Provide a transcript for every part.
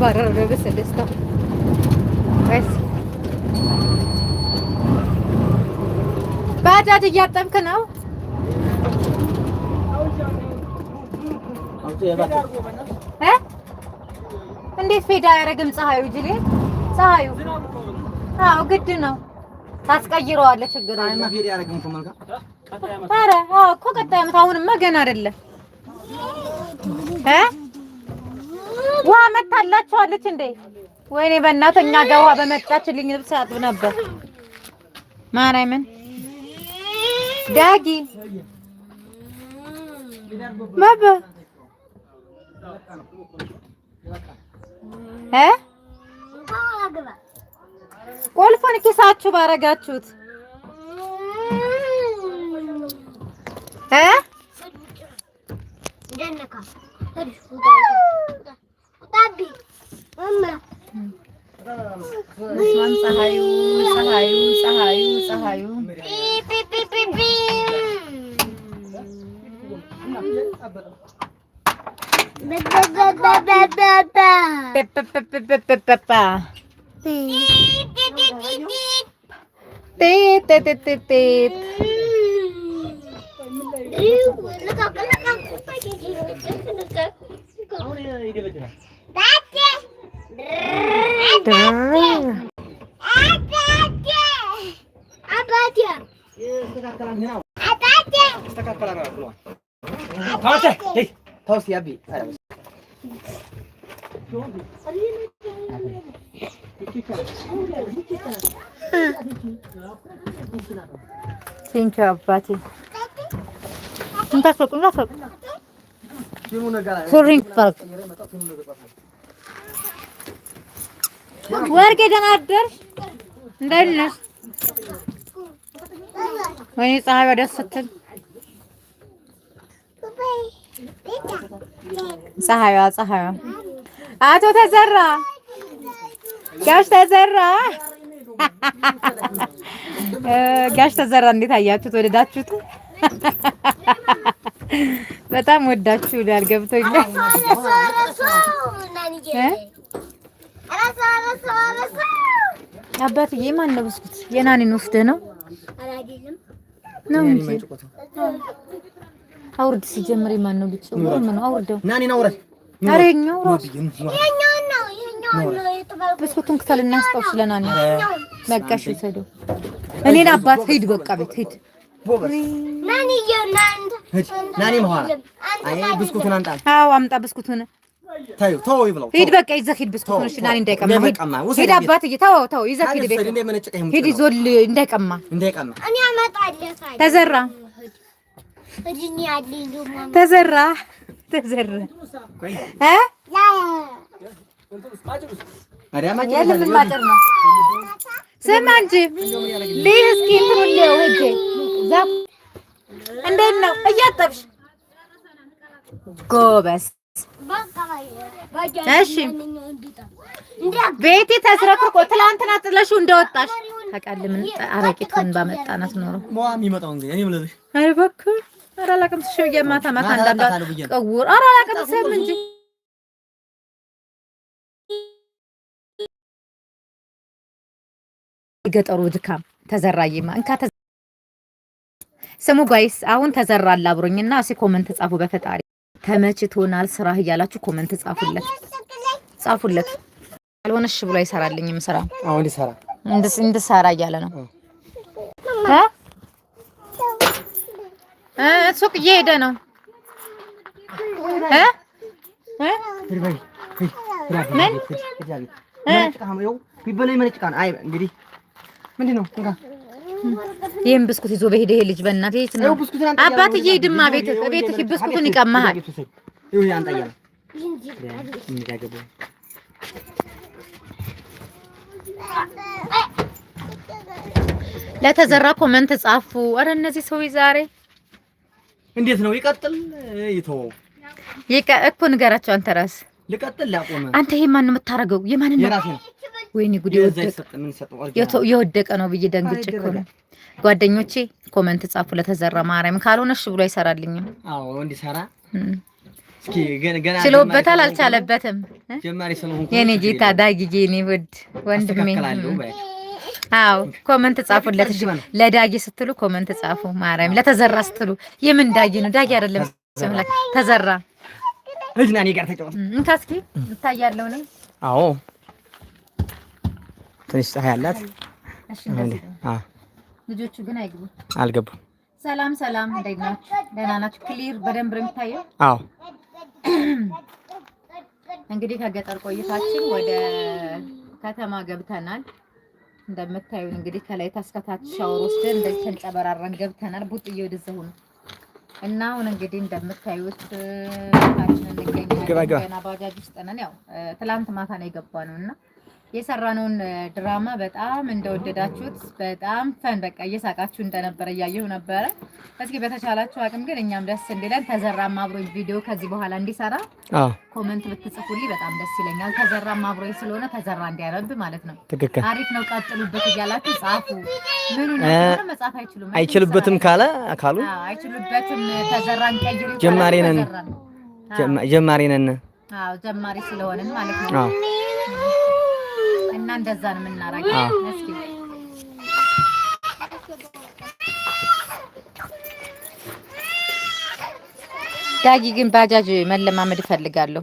ባረረበ ሰለስተ ወይስ ባጃጅ እያጠብክ ነው? እንዴት ፌዳ አያደርግም? ፀሐዩ ጅሌ ፀሐዩ አዎ፣ ግድ ነው። ታስቀይረዋለህ። ችግር አለ። ኧረ አዎ እኮ ቀጣይ ዓመት አሁንማ ገና አይደለም እ ውሃ መታላችኋለች እንዴ? ወይኔ በእናተኛ ጋር ውሃ በመጣችልኝ ልብስ አጥብ ነበር። ማርያምን ዳጊ መበ እ ቁልፉን ኪሳችሁ ባረጋችሁት እ This one sahayu, sahayu, sahayu, sahayu. Beep, beep, beep, beep, beep. Ada aja. Ada aja. Ada aja. Ada aja. Ada aja. Ada aja. Sinta abati. Sinta sok, sinta sok. Sorry, fuck. ወርቅ የተናደር እንደነስ ወይ ፀሐይ ወደ ስትል ፀሐይዋ ፀሐይዋ አቶ ተዘራ ጋሽ ተዘራ ጋሽ ተዘራ እንዴት አያችሁት? ወደዳችሁት? በጣም ወዳችሁ ዳል ገብቶኛል። አባትዬ ማን ነው ብስኩት የናኒን ወስደህ ነው ነው እንጂ አውርድ። ሲጀምር ማን ነው ብቻ ነው አውርደው። ናኒን አውረድ። ኧረ የእኛው ነው ነው። ብስኩቱን ክፈል እና ስጠው። ስለናኒ መጋሽ ይሰደው። እኔን አባት ሂድ፣ በቃ ቤት ሂድ። ናኒ ናኒ፣ ብስኩቱን አምጣ ብስኩቱን ሂድ በቃ ይዘህ ሂድ። ብስኩት እንዳይቀማ ሂድ፣ አባትዬ ተው ተው፣ ይዘህ ሂድ ቤት ሂድ፣ ይዞል እንዳይቀማ ተዘራ ተዘራ ተዘራ እስኪ እንዴት ነው እያጠብሽ እሺ ቤቲ ተስረክርቆ ትላንትና ጥለሽው እንደወጣሽ ምን አረቂቱን ባመጣናት ኖሮ የማታ ማታ ስም እንጂ የገጠሩ ድካም ተዘራዬማ እንካ ተዘራ ስሙ ጋይስ አሁን ተዘራ አላብሮኝና እስኪ ኮመንት ጻፉ በፈጣሪ ተመችቶናል ስራ እያላችሁ ኮመንት ጻፉለት ጻፉለት። አልሆነሽ ብሎ አይሰራልኝም ስራ አሁን ይሰራ እንድሰራ እያለ ነው። ሱቅ እየሄደ ነው። ምን ምን ነው? እንጋ ይህም ብስኩት ይዞ በሄደ ይሄ ልጅ በእናትህ የት ነው አባትዬ? ሂድማ ቤትህ ቤትህ ብስኩቱን ይቀማሃል። ለተዘራ ኮመንት ጻፉ። አረ እነዚህ ሰው ዛሬ እንዴት ነው? ይቀጥል ይተው ይቀ እኮ ንገራቸው አንተ ራስህ ልቀጥል ላቆመ አንተ ይሄ ማን የምታረገው የማን ነው? ወይኔ ጉድ የወደቀ ነው ብዬ ደንግጬ እኮ ነው። ጓደኞቼ ኮመንት ጻፉ። ለተዘራ ማርያም እሺ ብሎ አይሰራልኝም። አዎ እንዲሰራ እስኪ ገና ችሎበታል፣ አልቻለበትም። ጀማሪ የኔ ጌታ ዳጊ የኔ ውድ ወንድሜ አዎ ኮመንት ጻፉለት። ለዳጊ ስትሉ ኮመንት ጻፉ። ማርያም ለተዘራ ስትሉ የምን ዳጊ ነው? ዳጊ አይደለም ተዘራ እድና እኔ ጋር ተጫወት። እንካ እስኪ እታያለሁ ነኝ። አዎ ትንሽ ፀሐይ አላት። ልጆቹ ግን አይግቡ አልገቡ። ሰላም ሰላም፣ እንዴት ናችሁ? ደህና ናችሁ? ክሊር በደንብ ነው የሚታየው? አዎ። እንግዲህ ከገጠር ቆይታችን ወደ ከተማ ገብተናል። እንደምታዩን እንግዲህ ከላይ ታስከታች ሻወር ወስደን እንደዚህ ተንጨበራረን ገብተናል። ቡጥዬ ወደዛ ሆነ እና አሁን እንግዲህ እንደምታዩት ታችን እንገኛለን። ገና ባጃጅ ውስጥ ነን። ያው ትላንት ማታ ነው የገባ ነው እና የሰራነውን ድራማ በጣም እንደወደዳችሁት በጣም ፈን በቃ እየሳቃችሁ እንደነበረ እያየሁ ነበረ። እስኪ በተቻላችሁ አቅም ግን እኛም ደስ እንዲለን ተዘራም አብሮኝ ቪዲዮ ከዚህ በኋላ እንዲሰራ ኮመንት ብትጽፉልኝ በጣም ደስ ይለኛል። ተዘራም አብሮኝ ስለሆነ ተዘራ እንዲያነብ ማለት ነው። ትክክል፣ አሪፍ ነው፣ ቀጥሉበት እያላችሁ ጻፉ። ምኑ መጻፍ አይችሉም አይችልበትም ካለ አካሉ አይችሉበትም። ተዘራ እንቀይሩ። ጀማሪ ነን ጀማሪ ነን ጀማሪ ስለሆነን ማለት ነው እና እንደዛ ነው የምናረገው። ዳጊ ግን ባጃጅ መለማመድ እፈልጋለሁ።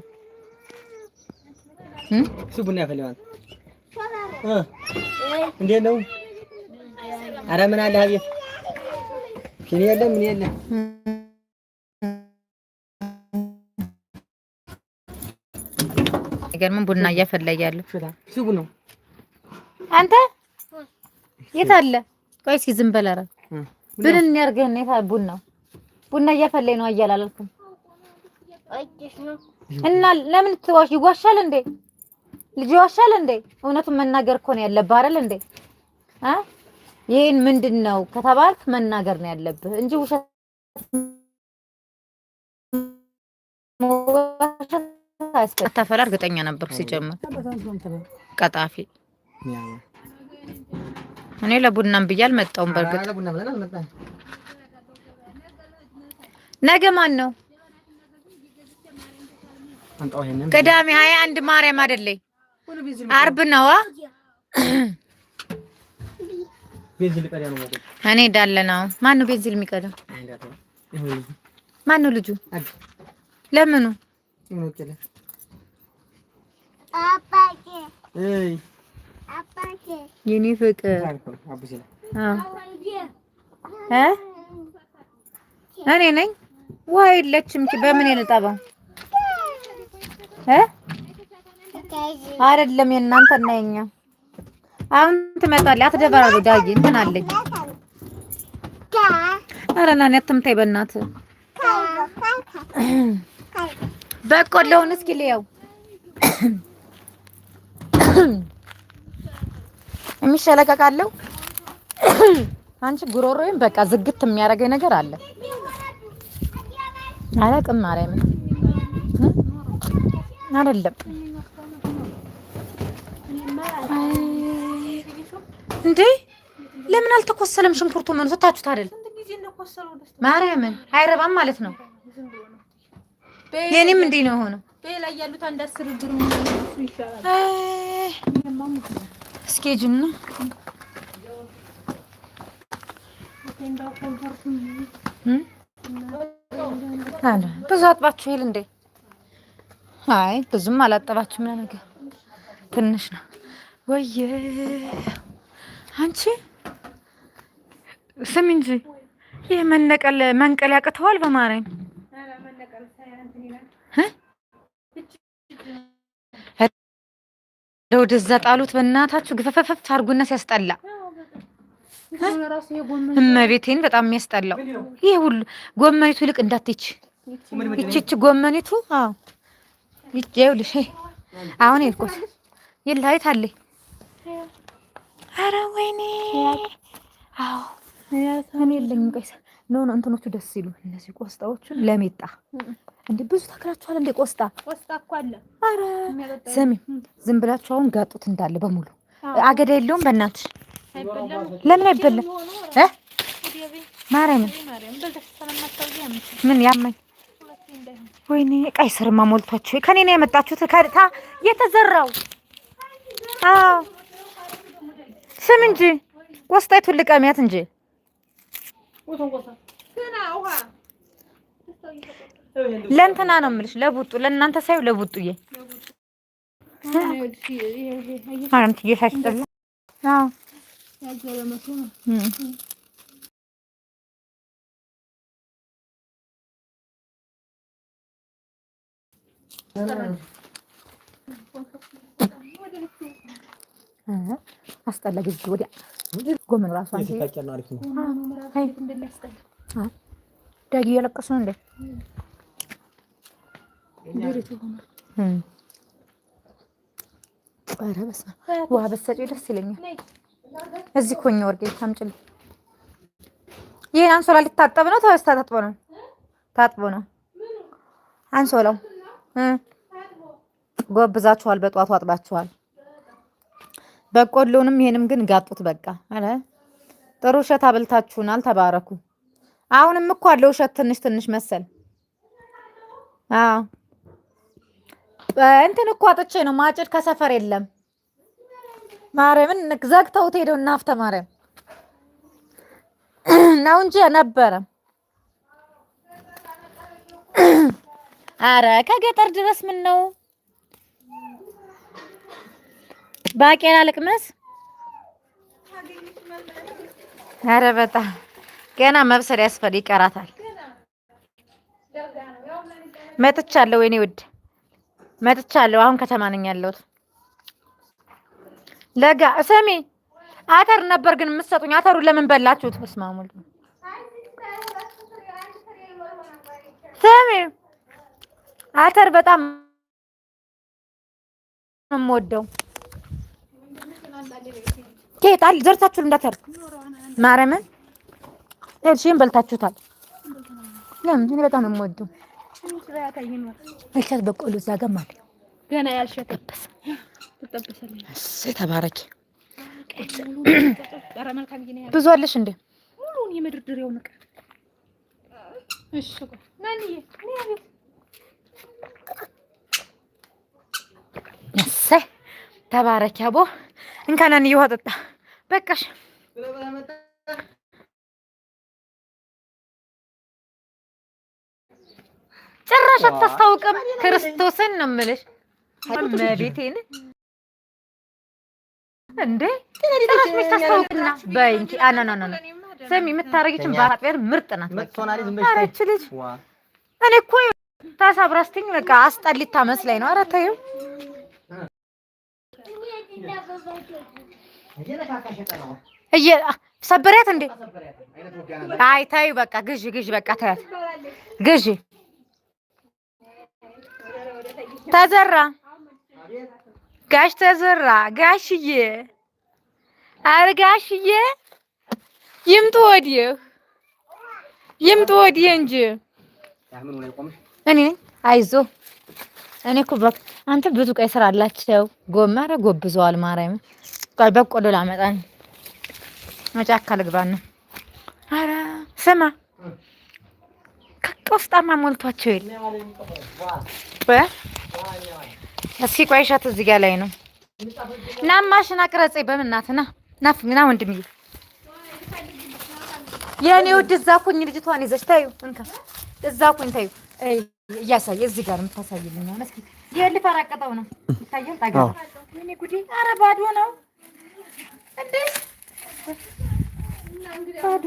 እሱ ቡና ያፈልጋል። እንዴት ነው? ኧረ ምን አለ ሀብዬ ምን የለም ምን የለም ገርምን ቡና እያፈላ ሱቡ ነው አንተ የት አለ? ቆይ እስኪ ዝም በል። ኧረ ብንን ያርገን። የት ቡና ቡና እያፈላኝ ነው እያለ አላልኩም እና ለምን ትዋሽ? ይዋሻል እንዴ ልጅ ይዋሻል እንዴ? እውነቱን መናገር እኮ ነው ያለብህ አይደል እንዴ? አ ይሄን ምንድን ነው ከተባልክ መናገር ነው ያለብህ እንጂ ውሸት መዋሸት አያስፈልግም። እርግጠኛ ነበርኩ ሲጀምር ቀጣፊ እኔ ለቡናም ብዬ አልመጣሁም። በእርግጥ ነገ ማን ነው? ቅዳሜ ሀያ አንድ ማርያም አይደለኝ አርብ ነዋ። እኔ ዳለናው ማን ነው ቤንዚል የሚቀዳው? ማን ነው ልጁ? ለምኑ የኔ ፍቅር እኔ ነኝ። ውሃ የለችም። በምን የልጠበው? አይደለም የእናንተና የኛ አሁን ትመጣለች። አትደበራሉ። ዳጊ እንትን አለኝ። ኧረ ና እኔ አትምታይ በእናትህ። በቆሎውን እስኪ ልየው የሚሸለቀቃለው አንቺ ጉሮሮዬን በቃ ዝግት የሚያደርገኝ ነገር አለ። አላቅም ማርያምን አይደለም እንዴ ለምን አልተኮሰለም? ሽንኩርቱ ምን ስታችሁት አይደል? ማርያምን አይረባም ማለት ነው። የኔም እንዲህ ነው የሆነው። ስኬጁን ብዙ አጥባችሁ ይል እንዴ? አይ ብዙም አላጠባችሁ። ምን ነገር ትንሽ ነው ወይ? አንቺ ስሚ እንጂ ይህ መነቀል መንቀል ያቅተዋል በማርያም ወደዛ ጣሉት። በእናታችሁ ግፈፈፈፍ አድርጉና ሲያስጠላ እመቤቴን በጣም የሚያስጠላው ይሄ ሁሉ ጎመኒቱ ይልቅ እንዳትች ይችች ጎመኒቱ አዎ ይኸውልሽ አሁን ይልኩት ይልሃይት አለ አረ ወይኔ አዎ እኔ የለኝም ቀይሳ ነው እንትኖቹ ደስ ይሉ እነዚህ ቆስጣዎቹን ለሜጣ እንደ ብዙ ታክላችኋል። እንደ ቆስጣ ቆስጣ እኮ አለ። ኧረ ስሚ፣ ዝም ብላችሁ አሁን ጋጡት እንዳለ በሙሉ አገዳ የለውም። በእናትሽ ለምን አይበላም? እ ማርያምን ምን ያመኝ? ወይኔ ቀይ ስርማ ሞልቷችሁ ከኔ ነው ያመጣችሁት። ከርታ የተዘራው አዎ፣ ስም እንጂ ቆስጣይቱን ልቀሚያት እንጂ ለእንትና ነው የምልሽ፣ ለቡጡ ለእናንተ ሳይሆን ለቡጡዬ አስጠላ ግዜ ወዲያ ጎመን ራሱ ዳጊ እያለቀሱ ነው እንዴ? ውሃ በሰጪው ደስ ይለኛል። እዚህ ኮኛ ወርጌ ታምጭልኝ። ይህን አንሶላ ሊታጠብ ነው ተወስታ ታጥቦ ነው ታጥቦ ነው አንሶላው። ጎብዛችኋል፣ በጧቱ አጥባችኋል። በቆሎንም ይሄንም ግን ጋጡት። በቃ አለ ጥሩ እሸት አብልታችሁናል። ተባረኩ። አሁንም እኮ አለ እሸት ትንሽ ትንሽ መሰል አዎ እንትን እኮ አጥቼ ነው ማጭድ ከሰፈር የለም። ማርያምን ዘግተውት ሄደው እናፍተ ማርያም ነው እንጂ ነበረ። አረ ከገጠር ድረስ ምን ነው ባቄላ ልቅመስ። አረ በጣም ገና መብሰል ያስፈልግ ይቀራታል። መጥቻለሁ ወይኔ ውድ መጥቻለሁ። አሁን ከተማ ነኝ ያለሁት። ለጋ እሰሜ አተር ነበር ግን የምትሰጡኝ። አተሩን ለምን በላችሁት? ስማሙል ሰሜ አተር በጣም የምወደው ኬጣል ዘርታችሁ እንዳተር ማረምን እሺ፣ በልታችሁታል። ለምን እኔ በጣም ነው የምወደው እሸት በቆሎ እዛ ገማ ገና ያልሸጠበሰ እሰይ ተባረኪ። ብዙ አለሽ እንዴ? ሙሉውን የመደርደሪያው ዕቃ እሰይ ተባረኪ። አቦ እንካናን እየዋጠጣ በቃሽ። ጭራሽ አታስታውቅም። ክርስቶስን ነው የምልሽ መቤቴን እንዴ ጭራሽ መች ታስታውቅና በይ እንጂ አናናና ስሚ የምታረጊችን ባጥበር ምርጥ ናት። ኧረ ይህች ልጅ እኔ እኮ ታሳብራ ስትይኝ በቃ አስጠሊታ መስላኝ ነው። ኧረ ተይው እየ ሰበሪያት እንዴ አይ ተይው በቃ ግዢ ግዢ በቃ ተያት ግዢ ተዘራ ጋሽ ተዘራ ጋሽዬ፣ ኧረ ጋሽዬ ይምጡ ወዲህ ይምጡ ወዲህ እንጂ እኔ አይዞ እኔ እኮ አንተ ብዙ ቀይ ስራ አላቸው። ጎመረ ጎብዘዋል። ማርያም ቆይ በቆሎ ላመጣ ነው። መጫካ ልግባ ነው። ኧረ ስማ ቆፍጣማ ሞልቷቸው የለ እስኪ ቆይ እዚህ ጋር ላይ ነው እና ማሽን አቅረጽ በምናት ና ናፍ ና ወንድምዬ የእኔ ውድ እዛ ኩኝ ልጅቷን ይዘች ታዩ እንካ እዛ ኩኝ ታዩ እያሳየ እዚህ ጋር የምታሳይልኝ ሆነ እስኪ አቀጠው ነው ይታያል ጣገ ጉዴ ኧረ ባዶ ነው እንዴ ባዶ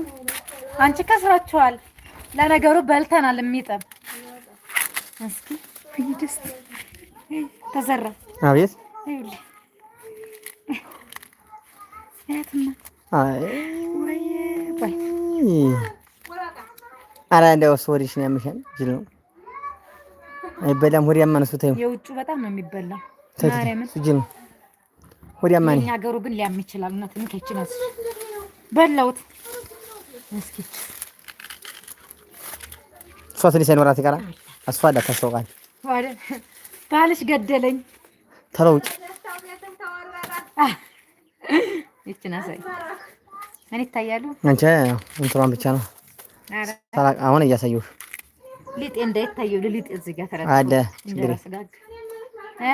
አንቺ ከስራችኋል ለነገሩ በልተናል። የሚጠብ እስኪ ደስ ተዘራ። አቤት አረ እንደው እሱ ወዲሽን ያምሻል። ጅል ነው አይበላም። ወዲያ ማነሱ ታዩ የውጩ በጣም ነው የሚበላው። ማርያምን ጅል ነው ወዲያ ማን ግን ሊያም ይችላል። እና ትንሽ በላውት እስኪ እሷ ትንሽ ሳይኖራት ይቀራል። እሷ አላት ታስታውቃለች። ባልሽ ገደለኝ ተለውጭ ይችና ሳይ ምን ይታያሉ? አንቺ እንትኗን ብቻ ነው አሁን እያሳየሁሽ። ሊጤ እንዳይታየው ሊጤ እዚህ ጋር ተራ አለ ችግር እ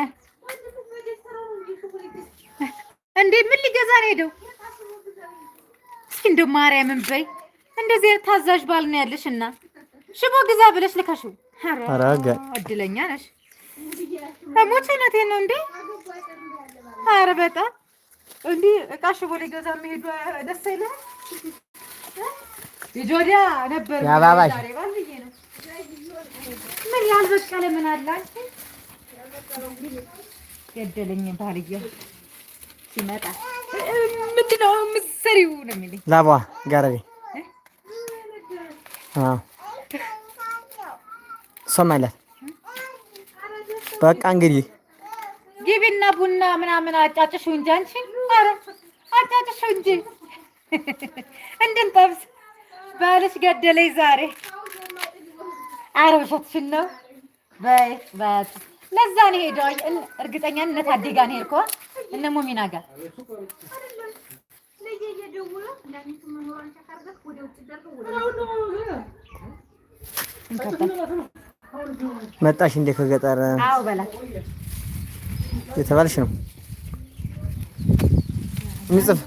እንዴ ምን ሊገዛ ነው ሄደው? እስኪ እንደው ማርያምን በይ እንደዚህ ታዛዥ ባል ነው ያለሽ እና ሽቦ ግዛ ብለሽ ልካሽ ነው። እድለኛ ነሽ። ሙች አይነት ነው እንዴ? ኧረ በጣም እንዲህ እቃ ሽቦ ሊገዛ መሄዱ ደስ አይልም። የጆዲያ ነበር ያባባሽ ምን ያልበቀለ ምን አላል ገደለኝ ባልየ ሲመጣ ምንድነው ምሰሪው ነው የሚለኝ ላቧ ጋረቤ አዎ ሰማላት። በቃ እንግዲህ ግቢና ቡና ምናምን አጫጭሹ እንጂ አንቺ፣ ኧረ አጫጭሹ እንጂ እንድንጠብስ ባልሽ ገደለኝ ዛሬ። አረ ውሸትሽን ነው። በይ በያት። ለዛ ነው ሄደው እርግጠኛ እነ ታዴ ጋር ነው ሄድከዋ፣ እነ ሙሚና ጋር እንከተል መጣሽ እንዴ ከገጠር የተባልሽ ነው። የሚጽፍ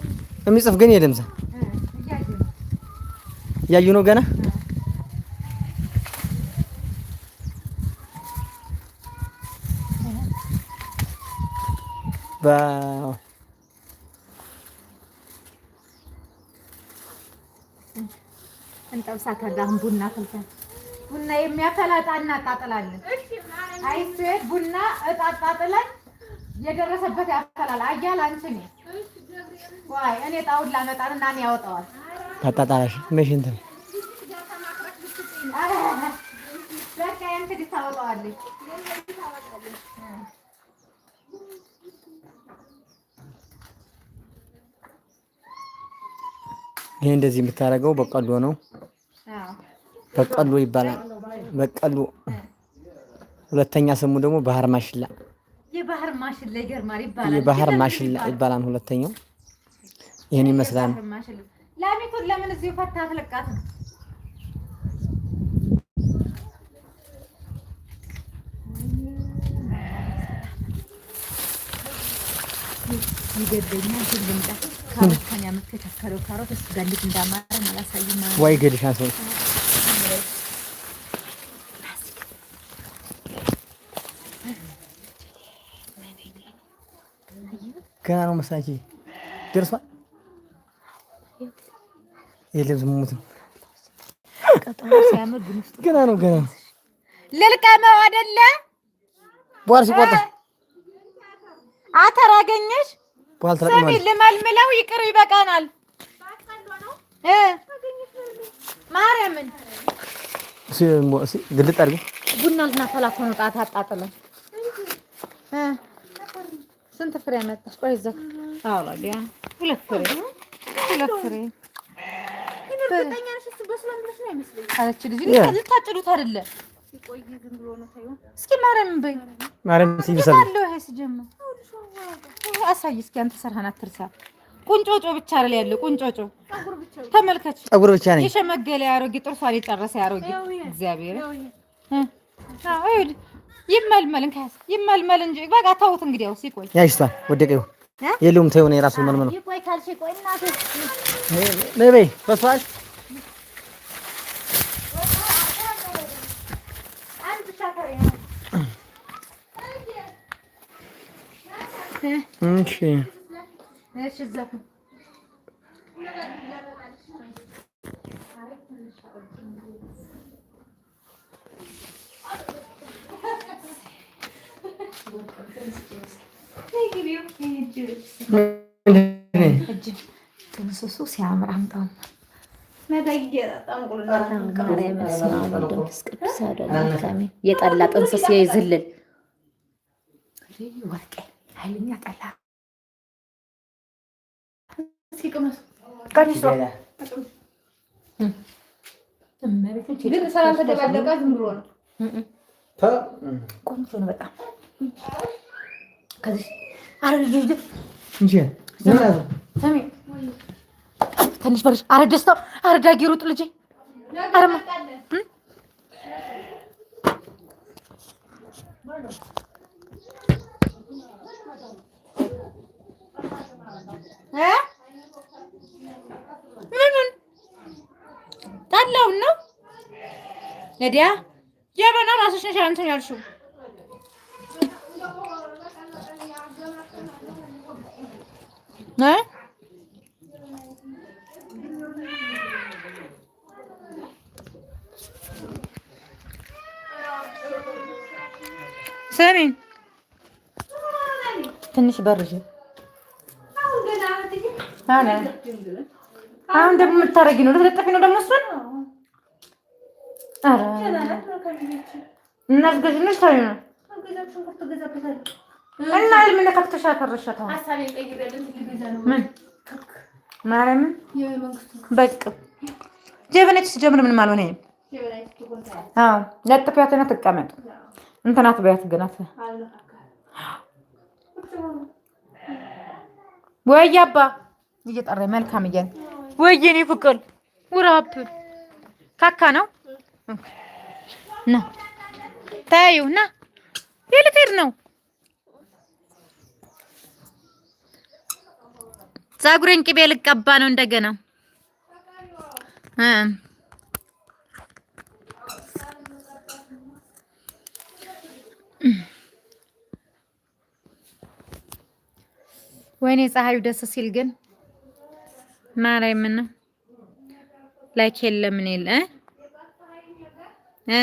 የሚጽፍ ግን የለም። እዛ እያዩ ነው ገና እንጠብሳታለን ቡና ቡና የሚያፈላ እጣን እናጣጥላለን። አይስ ቡና እጣጣጥለን የደረሰበት ያፈላል። አያል አንቺ ነኝ ዋይ እኔ ጣውላ ላመጣን እና እኔ ያወጣዋል ታጣጣላሽ መሽ እንትን በቃ ያንተ ታወጣዋለች። ይሄ እንደዚህ የምታደርገው በቀሎ ነው። በቀሉ ይባላል። በቀሉ ሁለተኛ ስሙ ደግሞ ባህር ማሽላ የባህር ማሽላ ይባላል። ሁለተኛው ይህን ይመስላል። ላሚቱን ለምን እዚሁ ፈታ አትለቃት? ይገበኛል ሁሉም ካሮት ከሚያመት ከቸከለው ካሮት እሱ ጋር እንዴት እንዳማረ ማላሳይ ማ ወይ ገልሻ ሰው ገና ነው መሳኪ ደርሷል። የለም ዝሙት ነው። ገና ነው ገና ነው። ልልቀመው አይደለ በኋላ ሲቆጣ አተር አገኘሽ። ሰሚ ልመልምለው፣ ይቅር ይበቃናል። ማርያምን ግልጥ አድርገው ቡና ልናፈላ እኮ ነው ጣት አጣጥለን ስንት ፍሬ መጣ? ቆይ ዘክ አውላ ሁለት ፍሬ ሁለት ፍሬ አለች። ልጅ ልታጭዱት አይደለ? እስኪ በይ ይሄ ሲጀምር አሳይ እስኪ አንተ ሰርሃን አትርሳ። ቁንጮጮ ብቻ አይደል ያለው ቁንጮጮ ተመልከች። ብቻ የሸመገለ ያሮጌ ጥርሷን የጨረሰ ያሮጌ እግዚአብሔር ይመልመል እንካስ ይመልመል እንጂ በቃ ተውት። እንግዲህ አውስ ይቆይ ያይስታል ወደቀው የለውም ተይው ነው የራሱ መልመል ይቆይ ካልሽ ይቆይ እናቴ ጥንስሱ ሲያምር አምጣው። የጠላ ጥንስስ የይዝልን ወርቄ ኃይለኛ ጠላ ቆንጆ ነው በጣም ትንሽ በልሽ። አረ ደስታው፣ አረ ዳጊ ሩጥ ልጄ፣ ምኑን ጠላውን ነው? ነዲያ ጀበና ራስሽ ነሽ አንቺ ያልሺው ሰሜን ትንሽ በር አሁን ደግሞ የምታረጊ ነው ልትለጠፊ ነው ደግሞ እሱን እናስገዥ ነው ነው እና የምንከፍተሻ ተረሻታ ማርያምን በቅ ጀበናች ስጀምር ምን ማለት ነው? አዎ ለጥፊያትና ትቀመጥ እንትናት በያት ገናት ወይ አባ እየጠራ መልካም እያለ ወይ የኔ ፍቅር ውራብ ካካ ነው ና ታዩ ና የልትሄድ ነው ጸጉሬን ቅቤ ልቀባ ነው እንደገና እ ወይኔ ፀሐዩ ደስ ሲል ግን ማርያምን ላይክ የለም እኔ እ እ